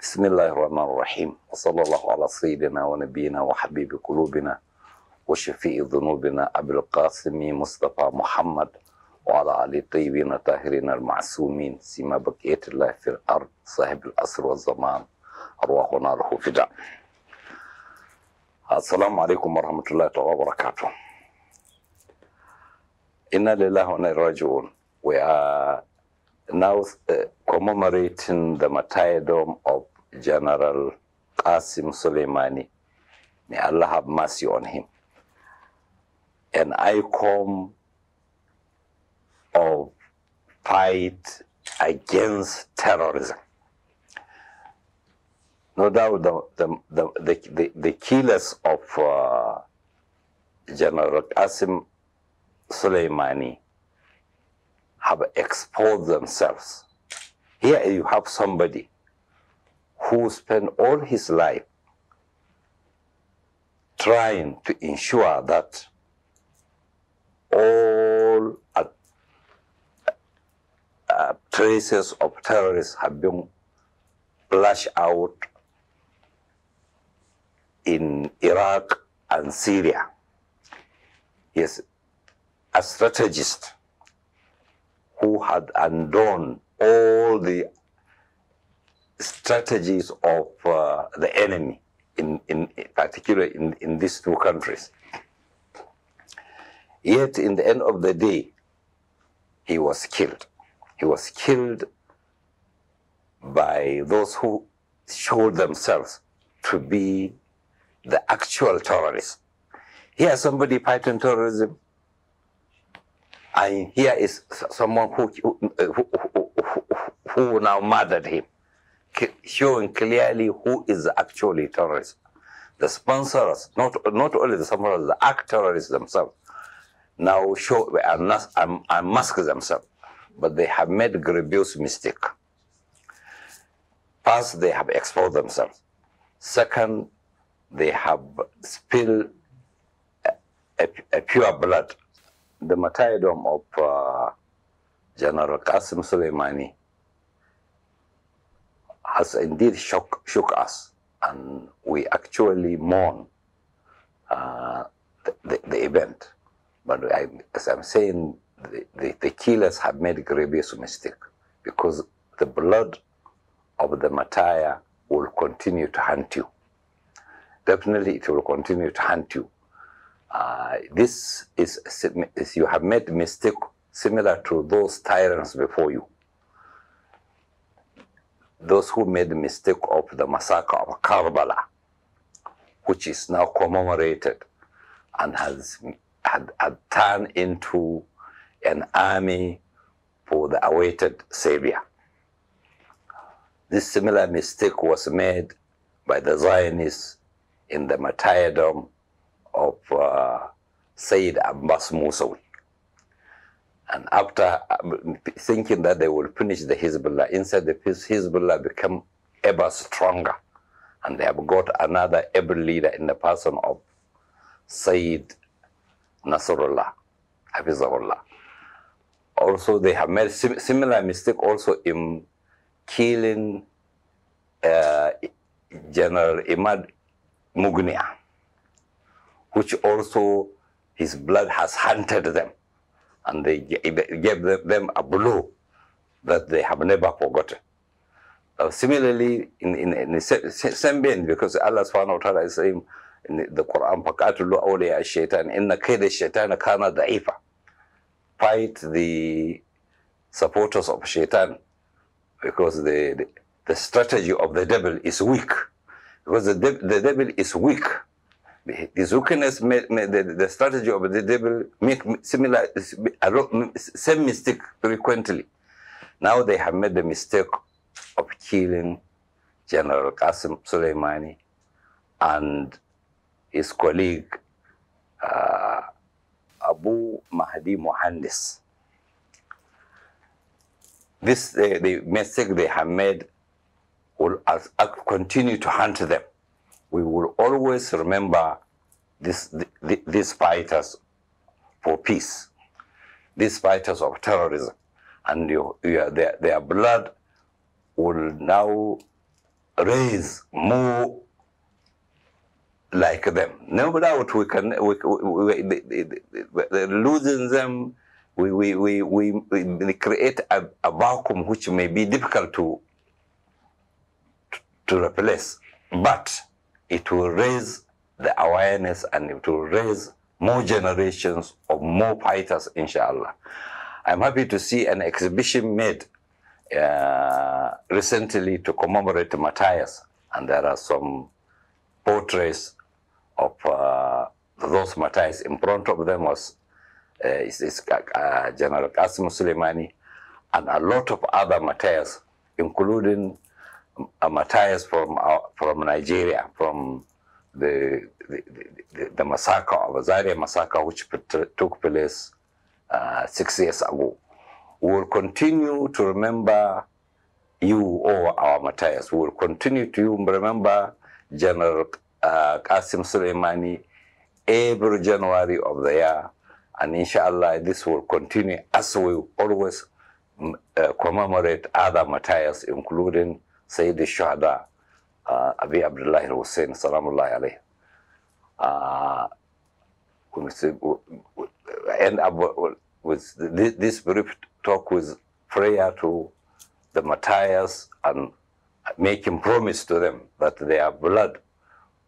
بسم الله الرحمن الرحيم وصلى الله على سيدنا ونبينا وحبيب قلوبنا وشفيء ذنوبنا أبي القاسم مصطفى محمد وعلى علي الطيبين الطاهرين المعصومين سيما بقية الله في الأرض صاحب الأسر والزمان أرواحنا له فداء السلام عليكم ورحمة الله تعالى وبركاته إنا لله وإنا inna raji'un. now uh, commemorating the martyrdom of General Qasim Soleimani. May Allah have mercy on him. An icon of fight against terrorism. No doubt the, the, the, the, the killers of uh, General Qasim Soleimani have exposed themselves. Here you have somebody who spent all his life trying to ensure that all uh, uh, traces of terrorists have been flushed out in Iraq and Syria. He is a strategist who had undone all the strategies of uh, the enemy, in, in particular in, in these two countries. Yet, in the end of the day, he was killed. He was killed by those who showed themselves to be the actual terrorists. Here, somebody fighting terrorism, and here is someone who, who, who, who now murdered him, showing clearly who is actually terrorist. The sponsors, not, not only the sponsors, the act terrorists themselves, now show and, and, and mask themselves. But they have made grievous mistake. First, they have exposed themselves. Second, they have spilled a, uh, a, a pure blood the martyrdom of uh, General Qasim Soleimani has indeed shock, shook us, and we actually mourn uh, the, the, the, event. But I, as I'm saying, the, the, killers have made grievous mistake because the blood of the martyr will continue to hunt you. Definitely, it will continue to hunt you uh, this is, is, you have made mistake similar to those tyrants before you. Those who made the mistake of the massacre of Karbala, which is now commemorated and has had, had turned into an army for the awaited savior. This similar mistake was made by the Zionists in the martyrdom of uh, Sayyid Abbas Musawi, And after um, thinking that they will finish the Hezbollah, instead the Hezbollah become ever stronger. And they have got another able leader in the person of Sayyid Nasrullah, Hafizahullah. Also, they have made sim similar mistake also in killing uh, General Imad Mugniyah which also his blood has hunted them. And they gave them a blow that they have never forgotten. Uh, similarly, in, in, in the same vein, because Allah subhanahu wa ta'ala is saying in the Quran, فَقَاتُلُوا أَوْلِيَا الشَّيْطَانِ إِنَّ كَيْدَ الشَّيْطَانَ كَانَ ضَعِيفًا Fight the supporters of shaitan because the, the, the strategy of the devil is weak. Because the, de the devil is weak Zuckiness, the, the strategy of the devil, make similar, same mistake frequently. Now they have made the mistake of killing General Qasim Soleimani and his colleague uh, Abu Mahdi Mohandes. This uh, the mistake they have made will uh, continue to hunt them we will always remember this, these fighters for peace, these fighters of terrorism, and you, you, their, their blood will now raise more like them. No doubt we can, we, we, we, losing them, we, we, we, we create a, a vacuum which may be difficult to, to replace. But it will raise the awareness and it will raise more generations of more fighters, inshallah. I'm happy to see an exhibition made uh, recently to commemorate Matthias, and there are some portraits of uh, those Matthias. In front of them was uh, is, is, uh, General Qasim Soleimani and a lot of other Matthias, including uh, matias from uh, from Nigeria, from the the, the, the massacre, Azaria massacre, which took place uh, six years ago. We will continue to remember you, or our matias. We will continue to remember General uh, Qasim Soleimani every January of the year. And inshallah, this will continue as we always mm, uh, commemorate other matias, including Sayyid al-Shuhada, uh, Abi Abdullah al-Hussein, salamullahi alayhi. Uh, end up with this, brief talk with prayer to the martyrs and making promise to them that their blood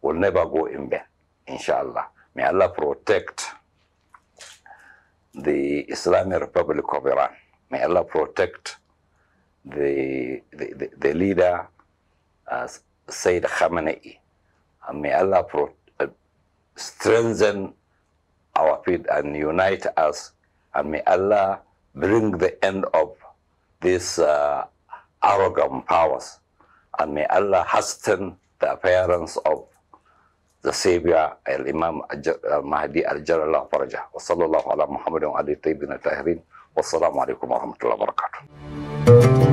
will never go in vain, inshallah. May Allah protect the Islamic Republic of Iran. May Allah protect the, the, the leader uh, Sayyid Khamenei. And may Allah pro- uh, strengthen our feet and unite us. And may Allah bring the end of these uh, arrogant powers. And may Allah hasten the appearance of the Savior, Al-Imam Al-Mahdi Al-Jalal Faraja. Wa sallallahu ala Muhammadin wa alihi tayyibin al-tahirin. Wassalamu alaikum wa rahmatullahi wa barakatuh.